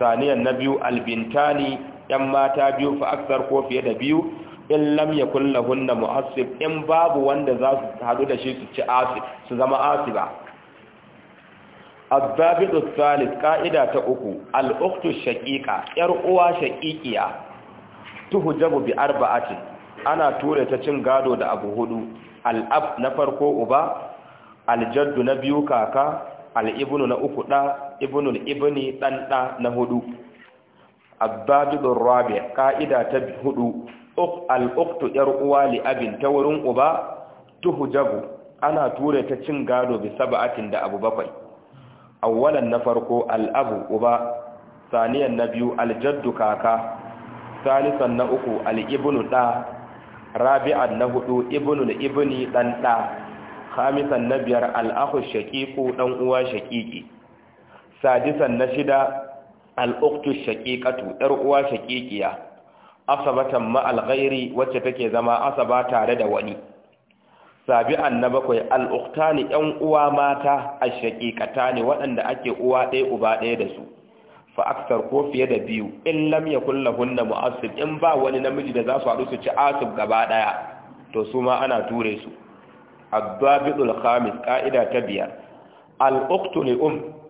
saniyan na biyu al bintani yan mata biyu fa aksar ko fiye da biyu in lam yakun lahunna mu'assib in babu wanda za su hadu da shi su ci asib su zama asiba الضابط salis ta uku al-ukhtu shaqiqa yar uwa shaqiqiya tuhjabu bi arba'atin ana ture ta cin gado da abu hudu al-ab na farko uba al-jaddu na biyu kaka al-ibnu na uku da ibnul ibni dan da na hudu abdadul rabi ƙa'ida ta hudu al-uktu yar uwa li abin ta wurin uba tuhujabu ana tura ta cin gado bi sab'atin da abu bakwai awwalan na farko al'abu uba saniyan na biyu Aljaddu kaka salisan na uku Al'ibnu ɗa. da rabi'an na hudu ibnu ibni dan da khamisan na biyar al-akhu ɗan dan uwa shaqiqi sadisan na shida al'uktu shaƙiƙatu ‘yar uwa shaƙiƙiya asabatan ma'al Alkhairi wacce take zama asaba tare da wani sabi'an na bakwai al'ukta ne ‘yan uwa mata a shaƙiƙata ne waɗanda ake uwa ɗaya uba ɗaya da su fa'aksar ko fiye da biyu in lam ya kulla hunna mu'asib in ba wani namiji da za su haɗu su ci asib gaba ɗaya to su ma ana ture su abbabidul khamis ƙa'ida ta biyar al'uktu ne um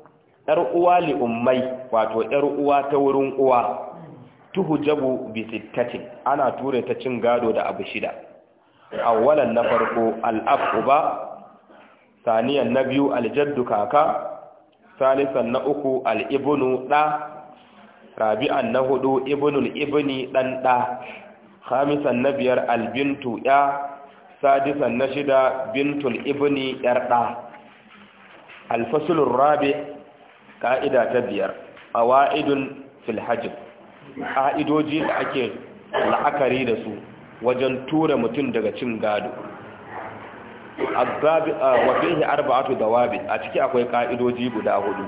yar uwa li ummai wato yar uwa ta wurin uwa tuhujabu jabu sittatin ana ture ta cin gado da abu shida awwalan na farko al-ab uba saniyan na biyu aljaddu kaka salisan na uku al-ibnu da rabi'an na hudu ibnul ibni ɗan ɗa. khamisan na biyar albintu ya sadisan na shida bintul ibni yar da al rabi' ka'ida ta biyar a wa'idun filhajin ka'idoji da ake la'akari da su wajen tura mutum daga cin gado wafihi arba'atu da wabi a ciki akwai ka'idoji guda hudu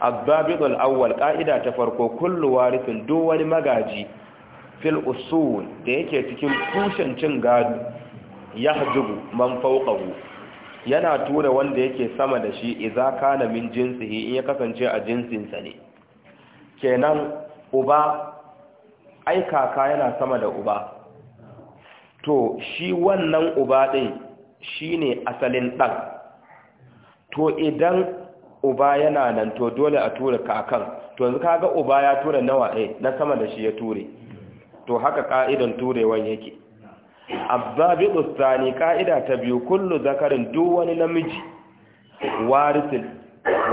azabidul awwal ka'ida ta farko kullu warithin duk wani magaji fil usul da yake cikin tushen cin gado ya hajjubu man fauƙa yana tura wanda yake sama da shi 'Iza kana min jinsihi in ya kasance a jinsinsa ne kenan uba ai kaka yana sama da uba to shi wannan uba din shine asalin dan to idan uba yana nan to dole a tura kakan to yanzu kaga uba ya tura nawa eh na sama da shi ya ture to haka ka'idan turewan yake abbabidu tsani ka'ida ta biyu kullu zakarin duk wani namiji warisin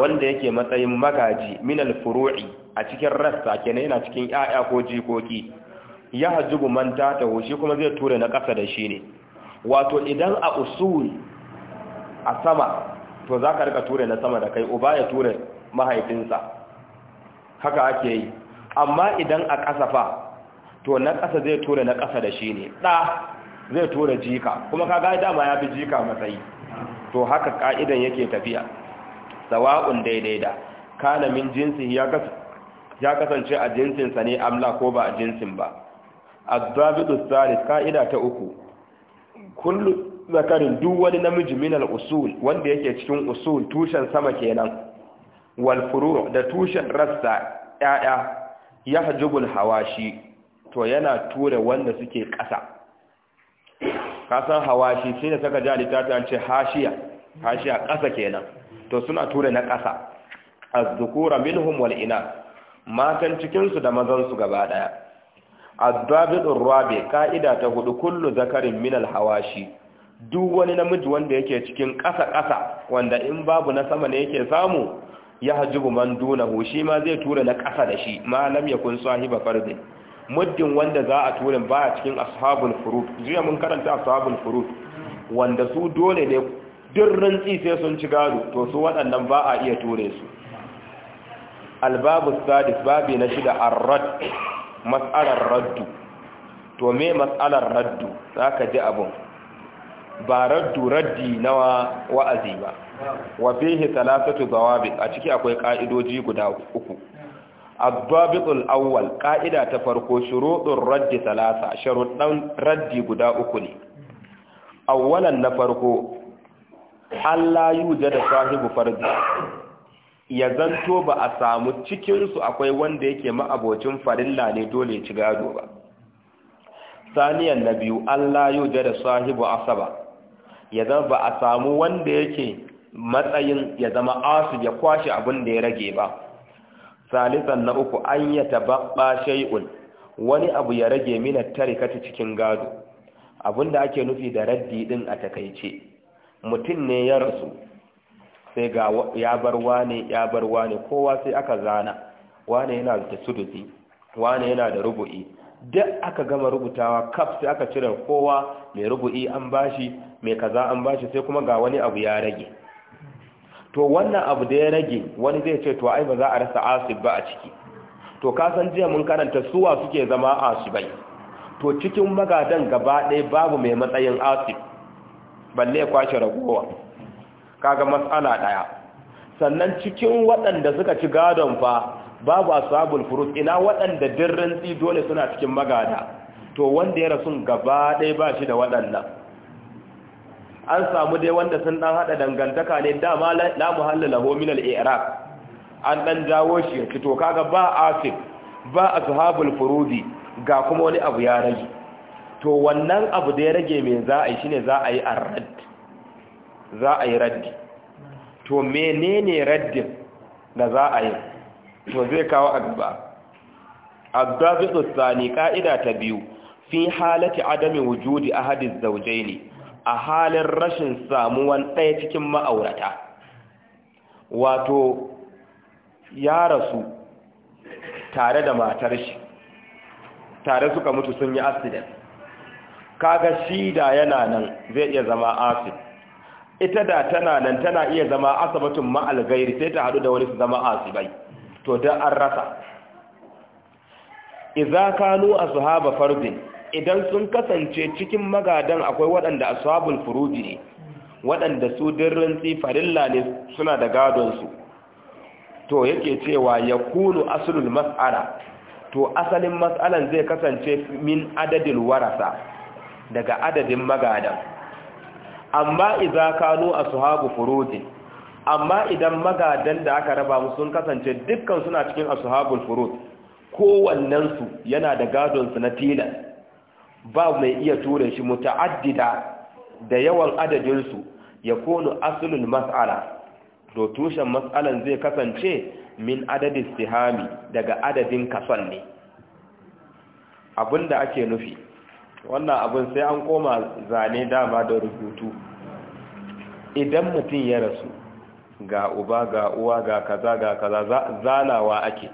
wanda yake matsayin magaji minal furu'i a cikin rassa kenan yana cikin 'ya'ya ko jikoki ya hajjubu man ta hoshi kuma zai tura na ƙasa da shi ne wato idan a usul a sama to za ka rika ture na sama da kai uba ya tura mahaifinsa haka ake yi amma idan a ƙasa fa to na ƙasa zai ture na ƙasa da shi ne ɗa zai tura jika kuma ka ga dama ya fi jika matsayi to haka ka'idan yake tafiya sawa'un daidai da kana min jinsi ya kasance a jinsinsa ne amla ko ba a jinsin ba A azabidu salis ka'ida ta uku kullu zakarin duk wani namiji minal usul wanda yake cikin usul tushen sama kenan wal da tushen rassa ya'ya ya hajjubul hawashi to yana tura wanda suke ƙasa kasan hawashi shi ne saka jali ta an ce hashiya hashiya ƙasa kenan to suna tura na ƙasa az minhum wal ina matan cikin su da mazan su gaba daya ad rabi ka'ida ta hudu kullu zakarin min al-hawashi duk wani namiji wanda yake cikin ƙasa ƙasa wanda in babu na sama ne yake samu ya hajibu man dunahu shi ma zai tura na ƙasa da shi ma lam yakun sahiba fardin muddin wanda za a turin baya cikin ashabul furud jiya mun karanta ashabul furud wanda su dole ne rantsi sai sun ci gado to su waɗannan ba a iya ture su albabu sadis babi na shida arrad matsalar raddu to me matsalar raddu za ji abin ba raddu raddi na wa'azi ba wa bihi talatatu zawabi a ciki akwai ka'idoji guda uku addabitul awwal ka'ida ta farko shuruɗin raddi talata sharuɗan raddi guda uku ne awwalan na farko Allah yuja da sahibu farji ya zanto ba a samu cikinsu akwai wanda yake ma'abocin farilla ne dole ci gado ba saniyan na biyu Allah yuja da sahibu asaba ya zan ba a samu wanda yake matsayin ya zama asu ya kwashe abin da ya rage ba salisan na uku an yi tababba shay'un wani abu ya rage mina tarikata cikin gado abinda ake nufi da raddi din a takaice mutum ne ya rasu sai ga ya bar wane ya bar wane kowa sai aka zana wane yana da sudusi wane yana da rubu'i duk aka gama rubutawa kaf sai aka cire kowa mai rubu'i an bashi mai kaza an bashi sai kuma ga wani abu ya rage to wannan abu da ya rage wani zai ce to ai ba za a rasa asib ba a ciki to ka san jiya mun karanta suwa suke zama asibai to cikin magadan gaba ɗaya babu mai matsayin asib balle kwashe ragowa kaga matsala ɗaya sannan cikin waɗanda suka ci gadon fa babu asabul furut ina waɗanda dirrin tsi dole suna cikin magada to wanda ya rasu gaba ɗaya ba shi da waɗannan an samu dai wanda sun dan hada dangantaka ne dama la muhallala lahu min al-i'rab an dan jawo shi to kaga ba asif ba ashabul furudi ga kuma wani abu ya rage to wannan abu da ya rage me za a yi shine za a yi ar-radd za a yi raddi to menene raddin da za a yi to zai kawo a gaba tsani ka'ida ta biyu fi halati adami wujudi ahadiz zawjaini a halin rashin samuwan ɗaya cikin ma'aurata wato ya rasu tare da matar shi tare suka mutu sun yi accident kaga shi da yana nan zai iya zama asid ita da tana nan tana iya zama asabatun ma'algairi sai ta haɗu da wani su zama asibai to don an rasa iza kanu ashaba fardin idan sun kasance cikin magadan akwai waɗanda asabul furuji ne waɗanda su dirrin farilla ne suna da gadonsu to yake cewa ya kunu asulul mas'ala to asalin mas'alan zai kasance min adadin warasa daga adadin magadan amma iza kanu ashabu furuji amma idan magadan da aka raba mu sun kasance dukkan suna cikin ashabul furuji kowannensu yana da gadon su na tilas ba mai iya ture shi muta'addida da yawan adadinsu ya konu asulul mas'ala to tushen mas'alan zai kasance min adadin sihami daga adadin kason ne abinda ake nufi wannan abin sai an koma zane dama da rubutu idan mutum ya rasu ga uba ga uwa ga kaza ga kaza zanawa ake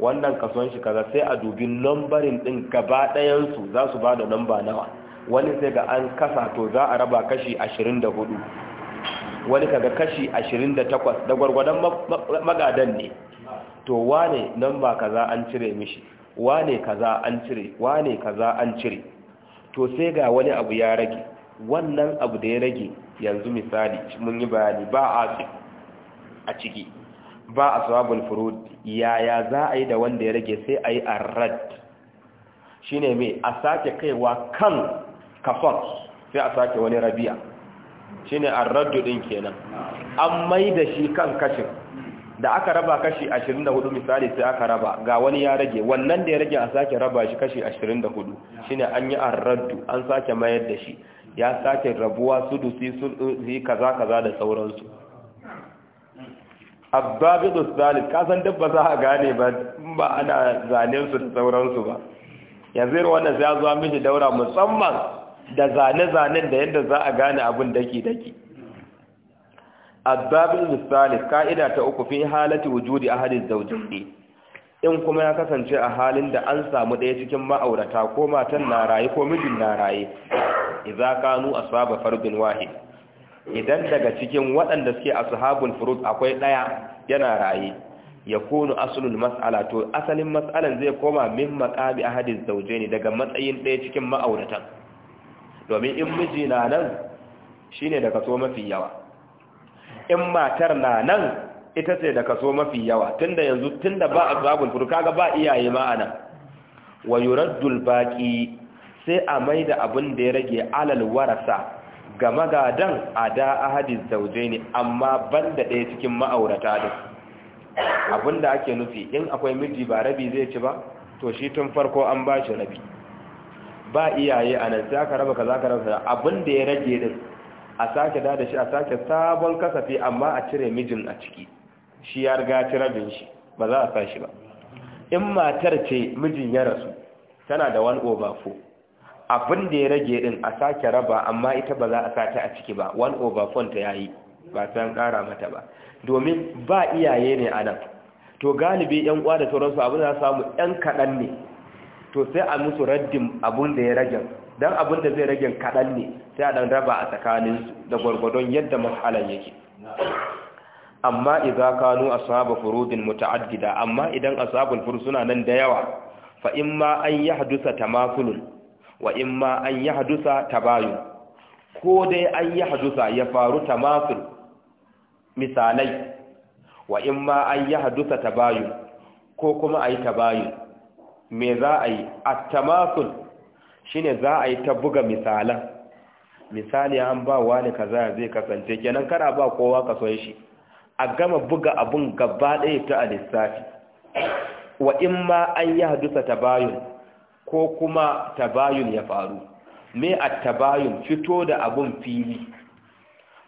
wannan kason shi kaza sai a dubi lambarin din gaba ɗayansu za su ba da lamba nawa wani sai ga an kasa to za a raba kashi 24 wani kaga kashi 28 da gwargwadon magadan ne to wane lamba kaza an cire mishi wane kaza an cire wane kaza an cire to sai ga wani abu ya rage wannan abu da ya rage yanzu misali mun yi bayani ba a a ciki ba a sababul furud yaya za a yi da wanda ya rage sai a yi Shi ne mai a sake kaiwa kan kafon sai a sake wani rabiya a arraddu din kenan an mai da shi kan kashin da aka raba kashi 24 misali sai aka raba ga wani ya rage wannan da ya rage a sake raba shi kashi 24 ne an yi arraddu an sake mayar da shi ya sake rabuwa su sudusi sudusi kaza kaza da sauransu abbabidu zalim ka san dabba za a gane ba ba ana zanen su da sauransu ba yanzu irin wannan ya zo miji daura musamman da zane-zanen da yadda za a gane abin daki-daki abbabidu zalim ka'ida ta uku fi halatu wujudi zaujin zawjaini in kuma ya kasance a halin da an samu ɗaya cikin ma'aurata ko matan na raye ko mijin na raye idza kanu asaba fardun wahid idan daga cikin waɗanda suke ashabul furud akwai ɗaya yana raye ya kunu asulul mas'ala to asalin mas'alan zai koma min maqabi ahadiz zawjaini daga matsayin ɗaya cikin ma'auratan domin in miji na nan shine da kaso mafi yawa in matar na nan ita ce da kaso mafi yawa tunda yanzu tunda ba ashabul furud kaga ba iyaye ma anan wa yuraddul baqi sai a maida abin da ya rage alal warasa ga gadon a da ahadin sauje ne amma ban da ɗaya cikin ma'aurata abin da ake nufi in akwai miji ba rabi zai ci ba to shi tun farko an ba shi rabi ba iyaye a nan sai aka raba kaza ka raba da ya rage din a sake da da shi a sake sabon kasafi amma a cire mijin a ciki shi ya riga ci rabin shi ba za a sa shi ba in matar ce mijin ya rasu tana da wani over four. abin da ya rage din a sake raba amma ita ba za a sata a ciki ba one over four ta yayi ba san kara mata ba domin ba iyaye ne a nan to galibi yan uwa da sauransu abin da samu yan kaɗan ne to sai a musu raddin abun da ya rage dan abun da zai rage kaɗan ne sai a dan raba a tsakaninsu da gwargwadon yadda masalan yake amma idza kanu ashabu furudin muta'addida amma idan ashabul fur suna nan da yawa fa imma an yahdusa tamasulun wa in ma an yi hadusa bayu. ko dai an yi hadusa ya faru tamasul misalai wa in ma an yi hadusa bayu ko kuma a yi bayu. me za a yi a tamasul shi ne za a yi ta buga misalan misali an ba wani kaza zai kasance kenan kana ba kowa ka son shi a gama buga abun gaba ɗaya ta a lissafi wa in ma an yi hadusa ta bayu. ko kuma tabayun ya faru me a tabayun fito da abun fili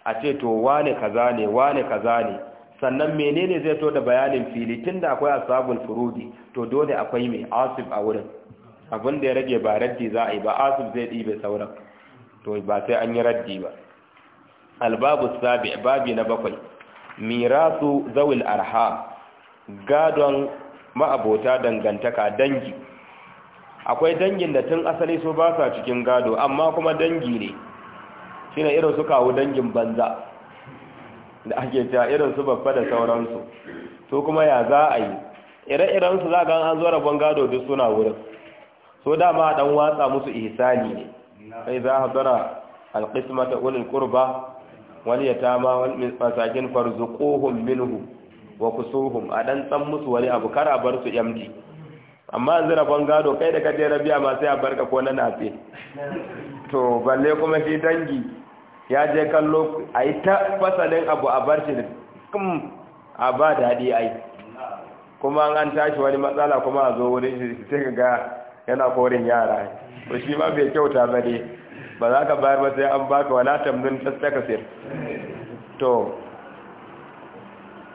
a ce to wane kaza ne wane kaza ne sannan menene zai to da bayanin fili tunda akwai asabul furudi to dole akwai mai asib a wurin abin da ya rage ba raddi za a yi ba asib zai ɗibe sauran to ba sai an yi raddi ba albabu sabi babi na bakwai mirasu zawil arha gadon ma'abota dangantaka dangi akwai dangin da tun asali su ba sa cikin gado amma kuma dangi ne shi ne irin su kawo dangin banza da ake cewa irin su babba da sauransu su kuma ya za a yi ire-iren su za gan an zo rabon gado duk suna wurin so dama dan watsa musu ihsani ne kai za a hadara alqismata ulul qurba wal yatama wal masakin farzuquhum minhu wa kusuhum a dan san musu wani abu kara bar su yamdi amma yanzu rabon gado kai da kaje rabiya ma sai a barka ko na nafe to balle kuma shi dangi ya je kallo a yi ta fasalin abu a bar shi kum a ba daɗi a yi kuma an tashi wani matsala kuma a zo wurin shi sai ga yana korin yara ba shi ma bai kyauta ba ne ba za ka bayar ba sai an baka wala tamnun tastakasir to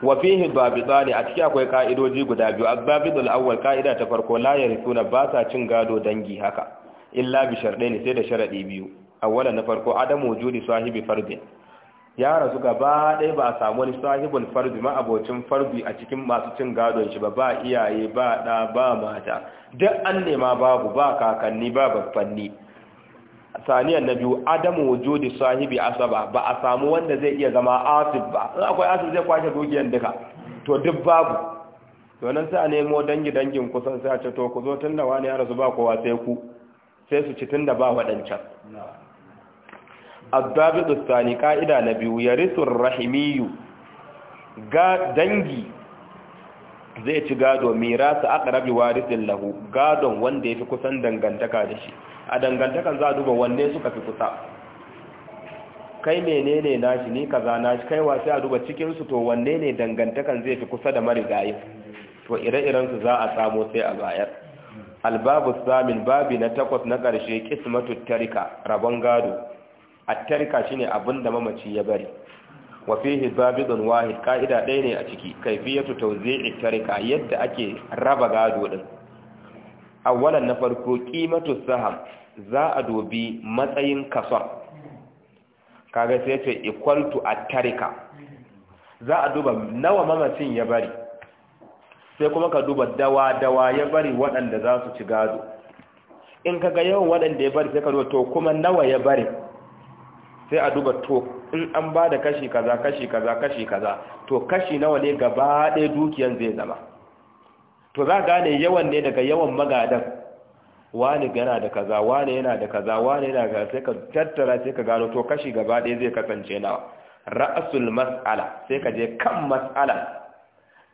wa fihi babitani a ciki akwai ka'idoji guda biyu azabitul awwal ka'ida ta farko la suna ba sa cin gado dangi haka illa bi shardaini sai da sharadi biyu awwala na farko adamu wujudi sahibi fardin ya rasu gaba ɗaya ba a samu wani sahibin farbi ma abocin farbi a cikin masu cin gadon shi ba ba iyaye ba ɗa ba mata duk an babu ba kakanni ba babbanni saniyan na biyu adamu wujudi sahibi asaba ba a samu wanda zai iya zama asib ba in akwai asib zai kwashe dukiyar duka to duk babu to nan sai a nemo dangi dangin kusan sai a ce to ku zo tun da wani ya rasu ba kowa sai ku sai su ci tun da ba waɗancan azabitu sani ka'ida na biyu ya yarisun rahimiyu ga dangi zai ci gado mirasa aqrabi warisin lahu gadon wanda yafi kusan dangantaka da shi a dangantakan za a duba wanne suka fi kusa kai menene nashi ni kaza nashi kai wasu a duba cikinsu to wanne ne dangantakan zai fi kusa da marigayi to ire-iren su za a samo sai a bayar albabu samin babi na takwas na ƙarshe kismatu tarika rabon gado a tarika shine abin da mamaci ya bari wa fihi babidun wahid ka'ida ɗaya ne a ciki kaifiyatu tauzi'i tarika yadda ake raba gado ɗin. awalan na farko kimatu saham za a dobi matsayin kason kaga sai ce equal to atarika tarika za a duba nawa mamacin ya bari sai kuma ka duba dawa dawa ya bari waɗanda za su ci gado in kaga yawan waɗanda ya bari sai ka duba to kuma nawa ya bari sai a duba to in an ba da kashi kaza kashi kaza kashi kaza to kashi nawa ne gaba ɗaya dukiyan zai zama to za gane yawan ne daga yawan magadan wani yana da kaza wani yana da kaza wani yana da sai ka tattara sai ka gano to kashi gaba ɗaya zai kasance nawa ra'asul mas'ala sai ka je kan mas'ala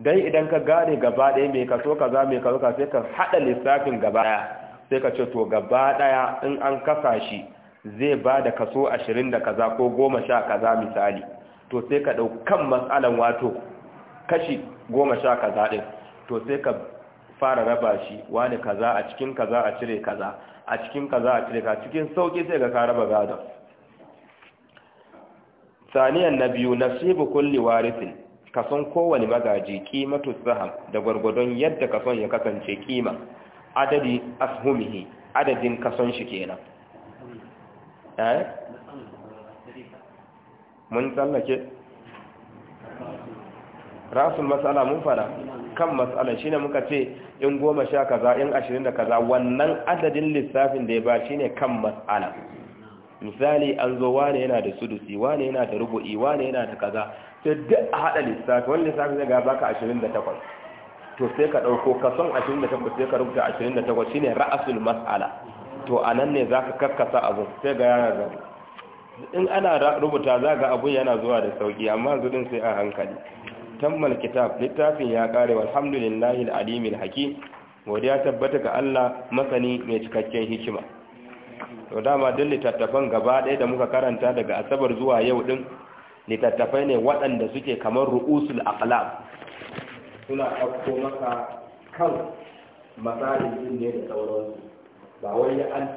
dan idan ka gane gaba ɗaya me ka so kaza me ka so sai ka hada lissafin gaba ɗaya sai ka ce to gaba ɗaya in an kasa shi zai ba da kaso 20 da kaza ko 10 kaza misali to sai ka ɗau kan mas'alan wato kashi 10 kaza din to sai ka fara raba shi wani kaza a cikin kaza a cire kaza a cikin kaza a cire kaza cikin sauki sai ga ka raba gadon saniyan na biyu nasibu kulli warithin kason kowane magaji to saham da gwargwadon yadda kason ya kasance kima adadi ashumihi adadin kason shi kenan eh mun tsallake rasul matsala mun fada kan matsalan shine muka ce in goma sha kaza in ashirin da kaza wannan adadin lissafin da ya ba shine kan matsala misali an zo wane yana da sudusi wane yana da rubu'i wane yana da kaza sai duk a haɗa lissafi wani lissafi zai ga baka ashirin da takwas to sai ka ɗauko kason ashirin da takwas sai ka rubuta ashirin da takwas shine ra'asul mas'ala to a nan ne za ka kakkasa abun sai ga yana zama in ana rubuta za ga abun yana zuwa da sauki amma zudin sai a hankali tammal kitab littafin ya kare walhamdulillahi alimil hakim godiya tabbata ga Allah masani mai cikakken hikima to dama duk littattafan gaba ɗaya da muka karanta daga asabar zuwa yau din littattafai ne waɗanda suke kamar ru'usul aqlam suna ɗauko maka kan matsalin din ne da sauransu ba wai an